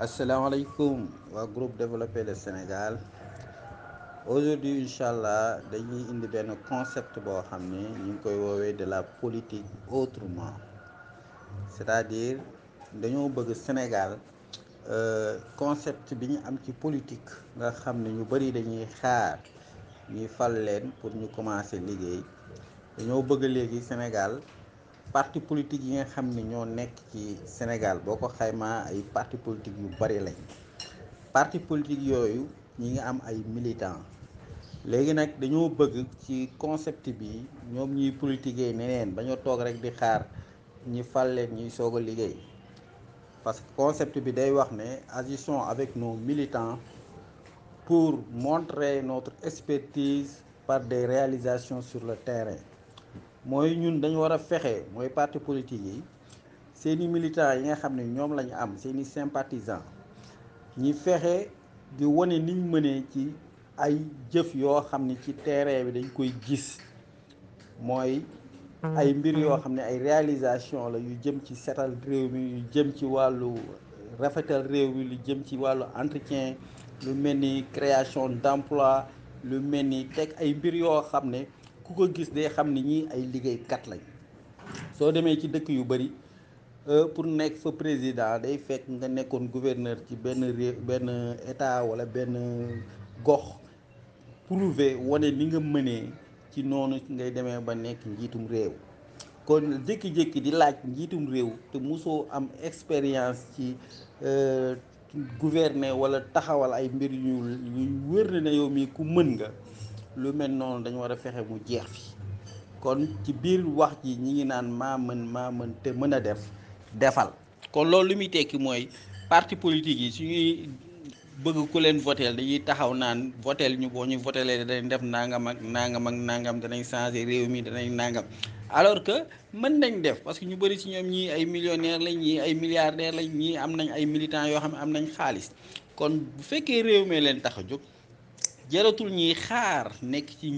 alaikum, Wa groupe développé le Sénégal aujourd'hui Inch'Allah, nous dañuy indi concept qui xam de la politique autrement c'est-à-dire dañoo bëgg Sénégal euh, concept de nous am ci politique nga xam ne ñu de dañuy xaar ñuy fal pour ñu commencer liggéey Nous bëgg le Sénégal parti politique yi nga ñoo Sénégal boo ay parti politique yu parti politique militants léegi nag dañoo bëgg ci concept bi ñuy neneen rek di xaar ñi parce que concept bi day avec nos militants pour montrer notre expertise par des réalisations sur le terrain moy ñun dañu wara fexé moy parti politique yi seeni militants yi nga xamné ñom lañu am seeni sympathisants ñi fexé di woné niñ mëné ci ay jëf yo xamné ci terrain bi dañ koy gis moy ay mbir yo xamné ay réalisation la yu jëm ci sétal réew mi yu jëm ci walu rafetal réew mi lu jëm ci walu entretien lu melni création d'emploi lu melni tek ay mbir yo xamné ku ko gis day xam ni ñii ay liggéeykat lañ soo demee ci dëkk yu bëri euh, pour nekk fa président day fekk nga nekkoon gouverneur ci benn réew benn état wala benn gox prouver wane li nga mënee ci noonu ngay demee ba nekk njiitum réew kon jékki-jékki di laaj njiitum réew te mosoo am expérience ci euh, gouverner wala taxawal ay mbir yu wér na yow mii ku mën nga lu mel noonu dañu war a fexe mu jeex fi kon ci biir wax ji ñi ngi naan maa mën maa mën te mën a def defal kon loolu li muy tekki mooy parti politique yi su ñuy bëgg ku leen voteel dañuy taxaw naan voteel ñu boo ñu votelee danañ def nangam ak nangam ak nangam danañ changer réew mi danañ nangam alors que mën nañ def parce que ñu bari ci ñoom ñii ay millionnaire lañ ñii ay milliardaire lañ ñii am nañ ay militants yoo xam ne am nañ xaalis kon bu fekkee réew mi leen tax a jóg jaratul ñuy xaar nekk ci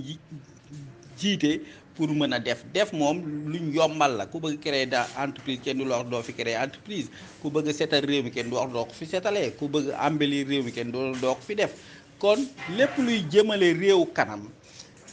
jiite pour mën a def def moom luñ yombal la ku bëgg créer da entreprise kenn du la wax doo fi créer entreprise ku bëgg seetal réew mi kenn du wax doo ko fi seetalee ku bëgg embellir réew mi kenn doo doo ko fi def kon lépp luy jëmale réew kanam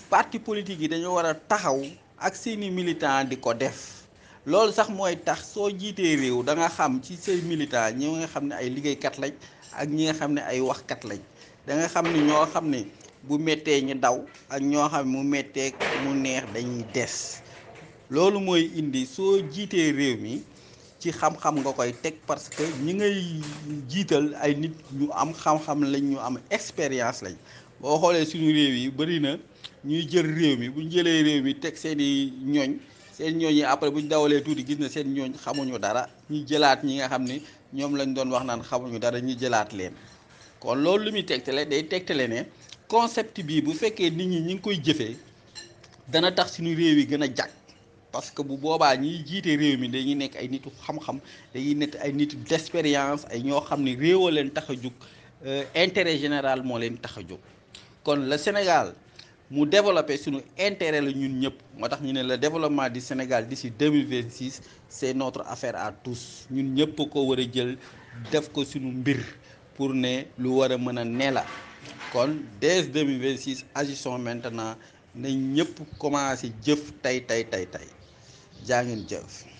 parti politique yi dañoo war a taxaw ak seeni militant di ko def loolu sax mooy tax soo jiitee réew da nga xam ci say militant ñi nga xam ne ay liggéeykat lañ ak ñi nga xam ne ay waxkat lañ da nga xam ni ñoo xam ni bu méttee ñu daw ak ñoo xam mu méttee mu neex dañuy des loolu mooy indi soo jiitee réew mi ci xam-xam nga koy teg parce que ñi ngay jiital ay nit ñu am xam-xam lañ ñu am expérience lañ boo xoolee suñu réew yi bëri na ñuy jël réew mi bu ñu jëlee réew mi teg seen i ñooñ seen ñooñ yi après bu ñu dawalee tuuti gis na seen ñooñ xamuñu dara ñu jëlaat ñi nga xam ni ñoom lañ doon wax naan xamuñu dara ñu jëlaat leen. kon loolu lu muy tegtale day tegtale ne concept bii bu fekkee nit ñi ñi ngi koy jëfee dana tax suñu réew yi gën a jàkk parce que bu boobaa ñiy jiite réew mi dañuy nekk ay nitu xam-xam dañuy nekk ay nitu d'expérience ay ñoo xam ne réewoo leen tax a euh, intérêt général moo leen tax a kon le Sénégal mu développé suñu intérêt la ñun ñëpp moo tax ñu ne le développement du Sénégal d'ici 2026 c'est notre affaire à tous ñun ñëpp ko war a jël def ko suñu mbir pour ne lu war a mën a ne la kon dès 2026 agissons maintenant nañ ñëpp commencé jëf tey tey tey tey jaa ngeen jëf.